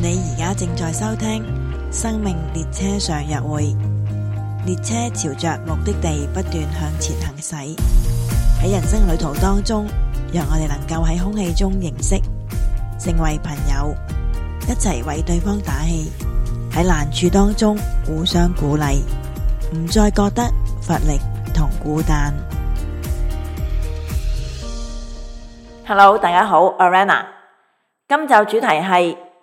你而家正在收聽《生命列車上約會》，列車朝着目的地不斷向前行駛。喺人生旅途當中，讓我哋能夠喺空氣中認識，成為朋友，一齊為對方打氣。喺難處當中互相鼓勵，唔再覺得乏力同孤單。Hello，大家好，我係 Rana，今集主題係。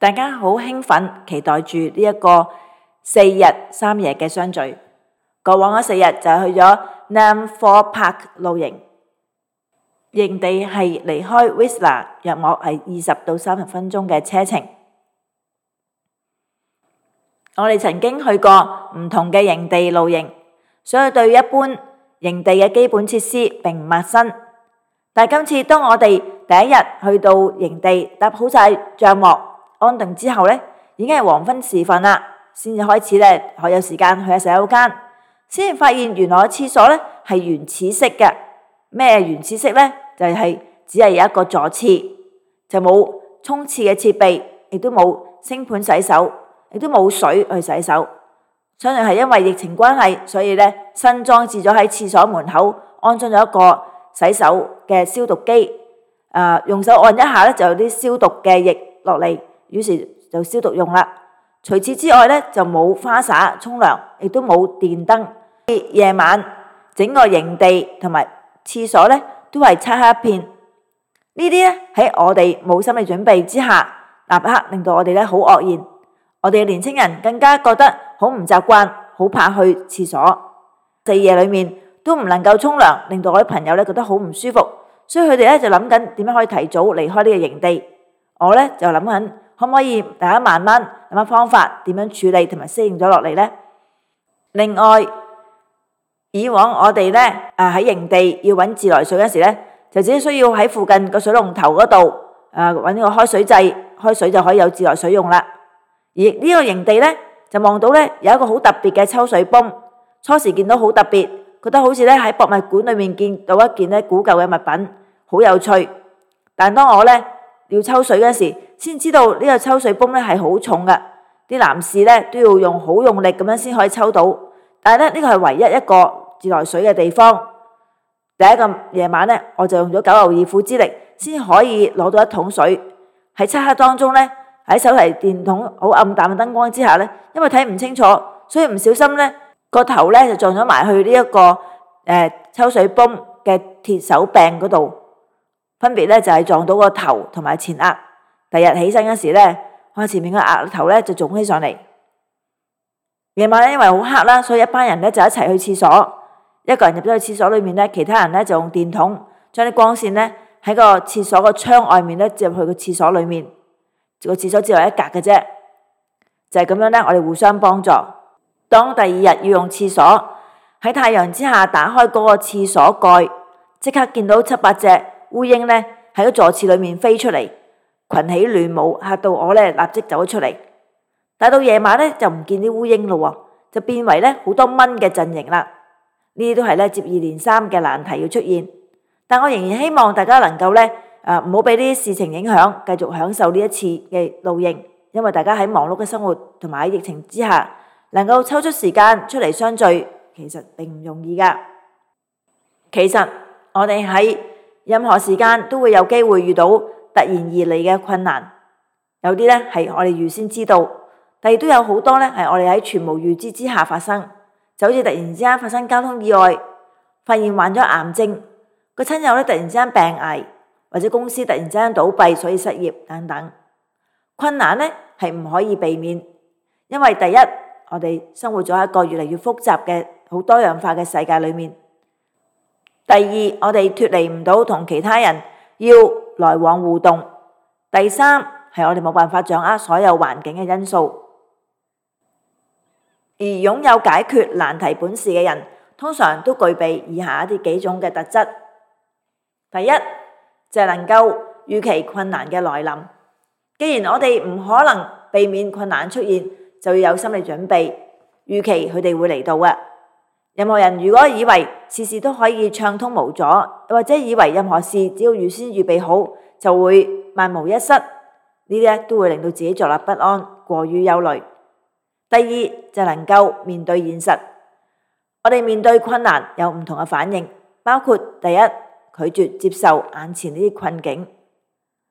大家好興奮，期待住呢一個四日三夜嘅相聚。過往嘅四日就去咗 Nairn Fall Park 露營，營地係離開 Whistler 約莫係二十到三十分鐘嘅車程。我哋曾經去過唔同嘅營地露營，所以對一般營地嘅基本設施並唔陌生。但係今次當我哋第一日去到營地，搭好曬帳幕。安定之後呢，已經係黃昏時分啦，先至開始呢，我有時間去下洗手間，先發現原來個廁所呢係原始式嘅。咩原始式呢？就係、是、只係有一個坐廁，就冇沖廁嘅設備，亦都冇升盤洗手，亦都冇水去洗手。相信係因為疫情關係，所以呢新裝置咗喺廁所門口，安裝咗一個洗手嘅消毒機。誒、呃，用手按一下呢，就有啲消毒嘅液落嚟。於是就消毒用啦。除此之外咧，就冇花灑沖涼，亦都冇電燈。夜晚整個營地同埋廁所咧，都係漆黑一片。呢啲咧喺我哋冇心理準備之下，立刻令到我哋咧好愕然。我哋嘅年輕人更加覺得好唔習慣，好怕去廁所。四夜裏面都唔能夠沖涼，令到我啲朋友咧覺得好唔舒服，所以佢哋咧就諗緊點樣可以提早離開呢個營地。我咧就諗緊。可唔可以大家慢慢諗下方法點樣處理同埋適應咗落嚟呢？另外以往我哋呢啊喺營地要揾自來水嗰時呢，就只需要喺附近個水龍頭嗰度啊揾個開水掣，開水就可以有自來水用啦。而呢個營地呢，就望到呢有一個好特別嘅抽水泵，初時見到好特別，覺得好似呢喺博物館裏面見到一件呢古舊嘅物品，好有趣。但係當我呢要抽水嗰時，先知道呢個抽水泵咧係好重嘅，啲男士咧都要用好用力咁樣先可以抽到。但係咧呢個係唯一一個自來水嘅地方。第一個夜晚咧，我就用咗九牛二虎之力，先可以攞到一桶水。喺漆黑當中咧，喺手提電筒好暗淡嘅燈光之下咧，因為睇唔清楚，所以唔小心咧個頭咧就撞咗埋去呢一個誒抽水泵嘅鐵手柄嗰度，分別咧就係撞到個頭同埋前額。第日起身嗰時呢，我前面個額頭呢就腫起上嚟。夜晚呢，因為好黑啦，所以一班人呢就一齊去廁所。一個人入咗去廁所裏面呢，其他人呢就用電筒將啲光線呢喺個廁所個窗外面呢接入去個廁所裏面。個廁所只有一格嘅啫，就係咁樣呢。我哋互相幫助。當第二日要用廁所喺太陽之下打開嗰個廁所蓋，即刻見到七八隻烏蠅呢喺個座廁裏面飛出嚟。群起亂舞，吓到我呢立即走咗出嚟。但到夜晚呢就唔見啲烏蠅咯，就變為呢好多蚊嘅陣營啦。呢啲都係呢接二連三嘅難題要出現。但我仍然希望大家能夠呢，誒唔好俾呢啲事情影響，繼續享受呢一次嘅露營。因為大家喺忙碌嘅生活同埋喺疫情之下，能夠抽出時間出嚟相聚，其實並唔容易噶。其實我哋喺任何時間都會有機會遇到。突然而嚟嘅困難，有啲呢係我哋預先知道，但亦都有好多呢係我哋喺全無預知之下發生，就好似突然之間發生交通意外，發現患咗癌症，個親友呢突然之間病危，或者公司突然之間倒閉，所以失業等等困難呢係唔可以避免，因為第一我哋生活咗一個越嚟越複雜嘅好多樣化嘅世界裏面，第二我哋脫離唔到同其他人要.來往互動，第三，係我哋冇辦法掌握所有環境嘅因素，而擁有解決難題本事嘅人，通常都具備以下一啲幾種嘅特質。第一，就係能夠預期困難嘅來臨。既然我哋唔可能避免困難出現，就要有心理準備，預期佢哋會嚟到啊，任何人如果以為事事都可以暢通無阻，又或者以為任何事只要預先預備好就會萬無一失，呢啲都會令到自己坐立不安、過於憂慮。第二就能夠面對現實，我哋面對困難有唔同嘅反應，包括第一拒絕接受眼前呢啲困境，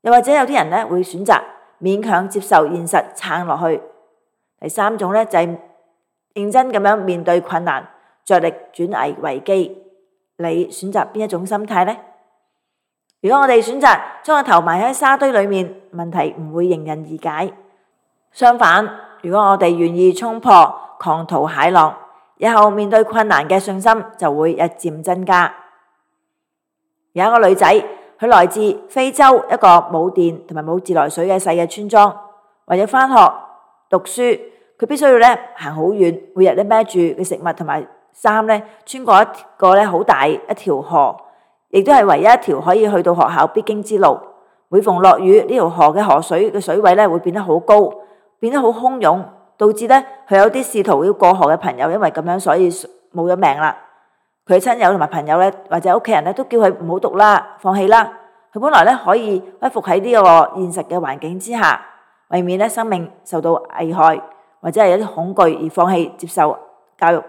又或者有啲人咧會選擇勉強接受現實撐落去。第三種呢，就係認真咁樣面對困難。着力轉危為機，你選擇邊一種心態呢？如果我哋選擇將個頭埋喺沙堆裏面，問題唔會迎刃而解。相反，如果我哋願意衝破狂濤駭浪，以後面對困難嘅信心就會日漸增加。有一個女仔，佢來自非洲一個冇電同埋冇自來水嘅細嘅村莊，為咗返學讀書，佢必須要咧行好遠，每日咧孭住嘅食物同埋，三咧，穿過一個咧好大一條河，亦都係唯一一條可以去到學校必經之路。每逢落雨，呢條河嘅河水嘅水位咧會變得好高，變得好洶湧，導致咧佢有啲試圖要過河嘅朋友，因為咁樣所以冇咗命啦。佢親友同埋朋友咧，或者屋企人咧，都叫佢唔好讀啦，放棄啦。佢本來咧可以屈服喺呢個現實嘅環境之下，為免咧生命受到危害，或者係有啲恐懼而放棄接受教育。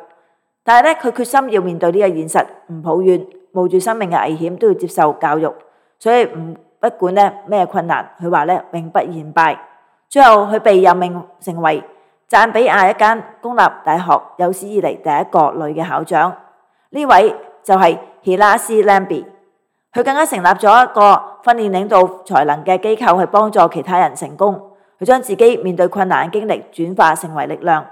但係咧，佢決心要面對呢個現實，唔抱怨，冒住生命嘅危險都要接受教育。所以唔不管咧咩困難，佢話咧永不言敗。最後佢被任命成為贊比亞一間公立大學有史以嚟第一個女嘅校長。呢位就係 Hellicy Ngambi。佢更加成立咗一個訓練領導才能嘅機構，去幫助其他人成功。佢將自己面對困難嘅經歷轉化成為力量。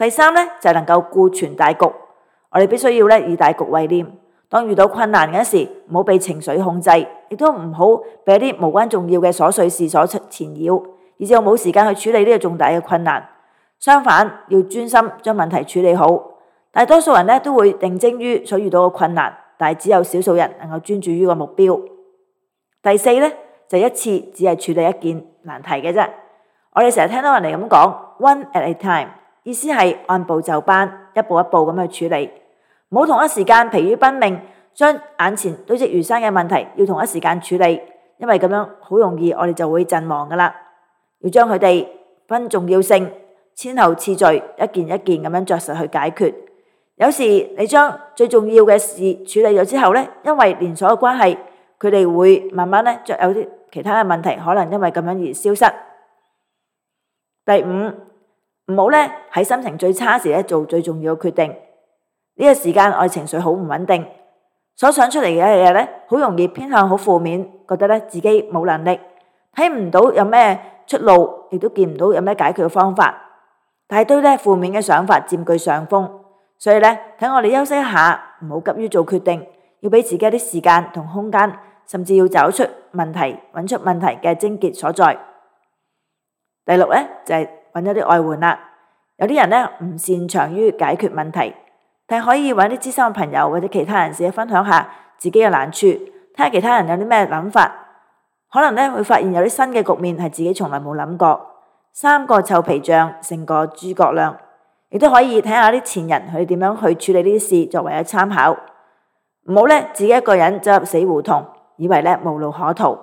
第三咧就係、是、能夠顧全大局，我哋必須要咧以大局為念。當遇到困難嗰時，唔好被情緒控制，亦都唔好俾一啲無關重要嘅瑣碎事所纏繞，以致我冇時間去處理呢個重大嘅困難。相反，要專心將問題處理好。大多數人咧都會定睛於所遇到嘅困難，但係只有少數人能夠專注於個目標。第四咧就是、一次只係處理一件難題嘅啫。我哋成日聽到人哋咁講，one at a time。意思係按部就班，一步一步咁去處理，唔好同一時間疲於奔命，將眼前堆積如山嘅問題要同一時間處理，因為咁樣好容易我哋就會陣亡噶啦。要將佢哋分重要性、先後次序，一件一件咁樣著實去解決。有時你將最重要嘅事處理咗之後呢，因為連鎖嘅關係，佢哋會慢慢呢著有啲其他嘅問題，可能因為咁樣而消失。第五。唔好咧，喺心情最差時咧做最重要嘅決定。呢個時間我哋情緒好唔穩定，所想出嚟嘅嘢咧，好容易偏向好負面，覺得咧自己冇能力，睇唔到有咩出路，亦都見唔到有咩解決嘅方法，大堆咧負面嘅想法佔據上風。所以咧，睇我哋休息一下，唔好急於做決定，要俾自己一啲時間同空間，甚至要找出問題，揾出問題嘅症結所在。第六咧就係。揾咗啲外援啦，有啲人呢，唔擅長於解決問題，但可以揾啲資深朋友或者其他人士分享下自己嘅難處，睇下其他人有啲咩諗法，可能呢，會發現有啲新嘅局面係自己從來冇諗過。三個臭皮匠勝過諸葛亮，亦都可以睇下啲前人佢點樣去處理呢啲事作為一參考，唔好呢，自己一個人走入死胡同，以為呢無路可逃。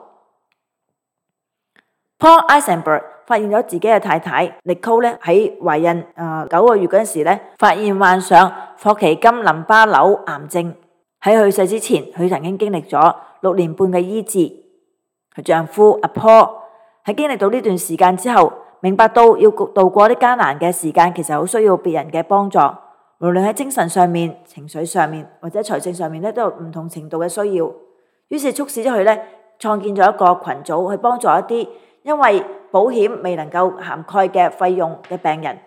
Paul Eisenberg。發現咗自己嘅太太 Nicole 咧喺懷孕誒九個月嗰時咧，發現患上霍奇金淋巴瘤癌症。喺去世之前，佢曾經經歷咗六年半嘅醫治。佢丈夫阿 Paul 喺經歷到呢段時間之後，明白到要度過啲艱難嘅時間，其實好需要別人嘅幫助，無論喺精神上面、情緒上面或者財政上面咧，都有唔同程度嘅需要。於是促使咗佢咧創建咗一個群組去幫助一啲。因為保險未能夠涵蓋嘅費用嘅病人，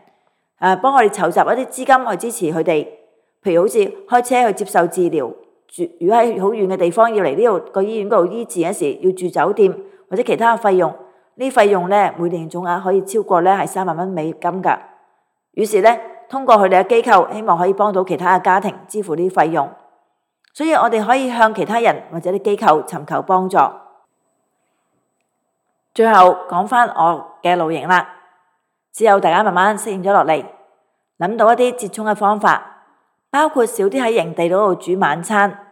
誒，幫我哋籌集一啲資金去支持佢哋，譬如好似開車去接受治療，住如果喺好遠嘅地方要嚟呢度個醫院度醫治嗰時要住酒店或者其他嘅費用，呢費用咧每年總額可以超過咧係三萬蚊美金噶。於是咧，通過佢哋嘅機構，希望可以幫到其他嘅家庭支付呢啲費用。所以我哋可以向其他人或者啲機構尋求幫助。最後講翻我嘅露營啦，之後大家慢慢適應咗落嚟，諗到一啲折衷嘅方法，包括少啲喺營地度煮晚餐，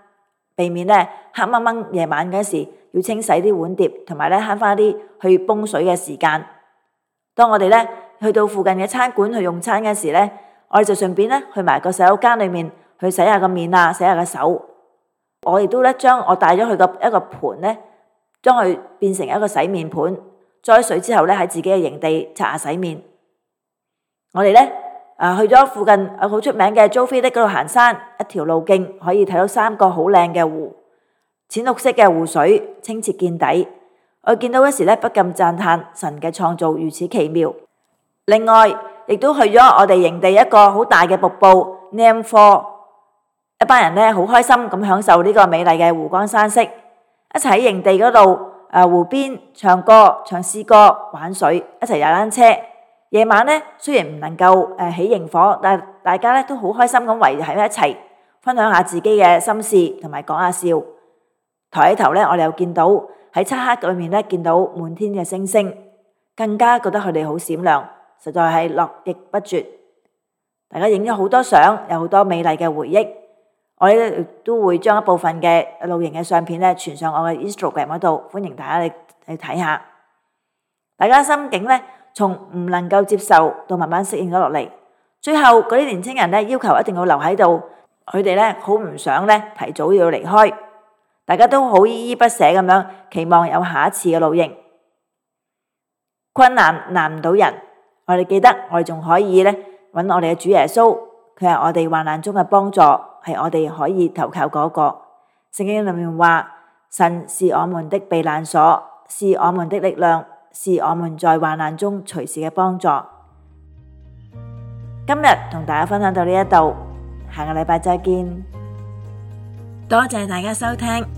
避免呢黑掹掹夜晚嗰時要清洗啲碗碟，同埋咧慳翻啲去泵水嘅時間。當我哋咧去到附近嘅餐館去用餐嗰時咧，我哋就順便咧去埋個洗手間裏面去洗下個面啊，洗下個手。我亦都咧將我帶咗去個一個盤咧。將佢變成一個洗面盆，裝咗水之後呢，喺自己嘅營地刷下洗面。我哋呢，啊去咗附近好出名嘅 Joffre 嗰度行山，一條路徑可以睇到三個好靚嘅湖，淺綠色嘅湖水清澈見底。我見到嗰時呢，不禁讚嘆神嘅創造如此奇妙。另外，亦都去咗我哋營地一個好大嘅瀑布 Nairn Falls，一班人呢，好開心咁享受呢個美麗嘅湖光山色。一齊喺營地嗰度，誒、啊、湖邊唱歌、唱詩歌、玩水，一齊踩單車。夜晚呢，雖然唔能夠誒、呃、起營火，但大家咧都好開心咁圍喺一齊，分享下自己嘅心事，同埋講下笑。抬起頭呢，我哋又見到喺漆黑裏面呢，見到滿天嘅星星，更加覺得佢哋好閃亮，實在係樂亦不絕。大家影咗好多相，有好多美麗嘅回憶。我哋都會將一部分嘅露營嘅相片咧，傳上我嘅 Instagram 嗰度，歡迎大家嚟嚟睇下。大家心境咧，從唔能夠接受到慢慢適應咗落嚟。最後嗰啲年輕人咧，要求一定要留喺度，佢哋咧好唔想咧提早要離開，大家都好依依不捨咁樣，期望有下一次嘅露營。困難難唔到人，我哋記得我哋仲可以咧揾我哋嘅主耶穌，佢係我哋患難中嘅幫助。係我哋可以投靠嗰個。聖經裏面話，神是我們的避難所，是我們的力量，是我們在患難中隨時嘅幫助。今日同大家分享到呢一度，下個禮拜再見。多謝大家收聽。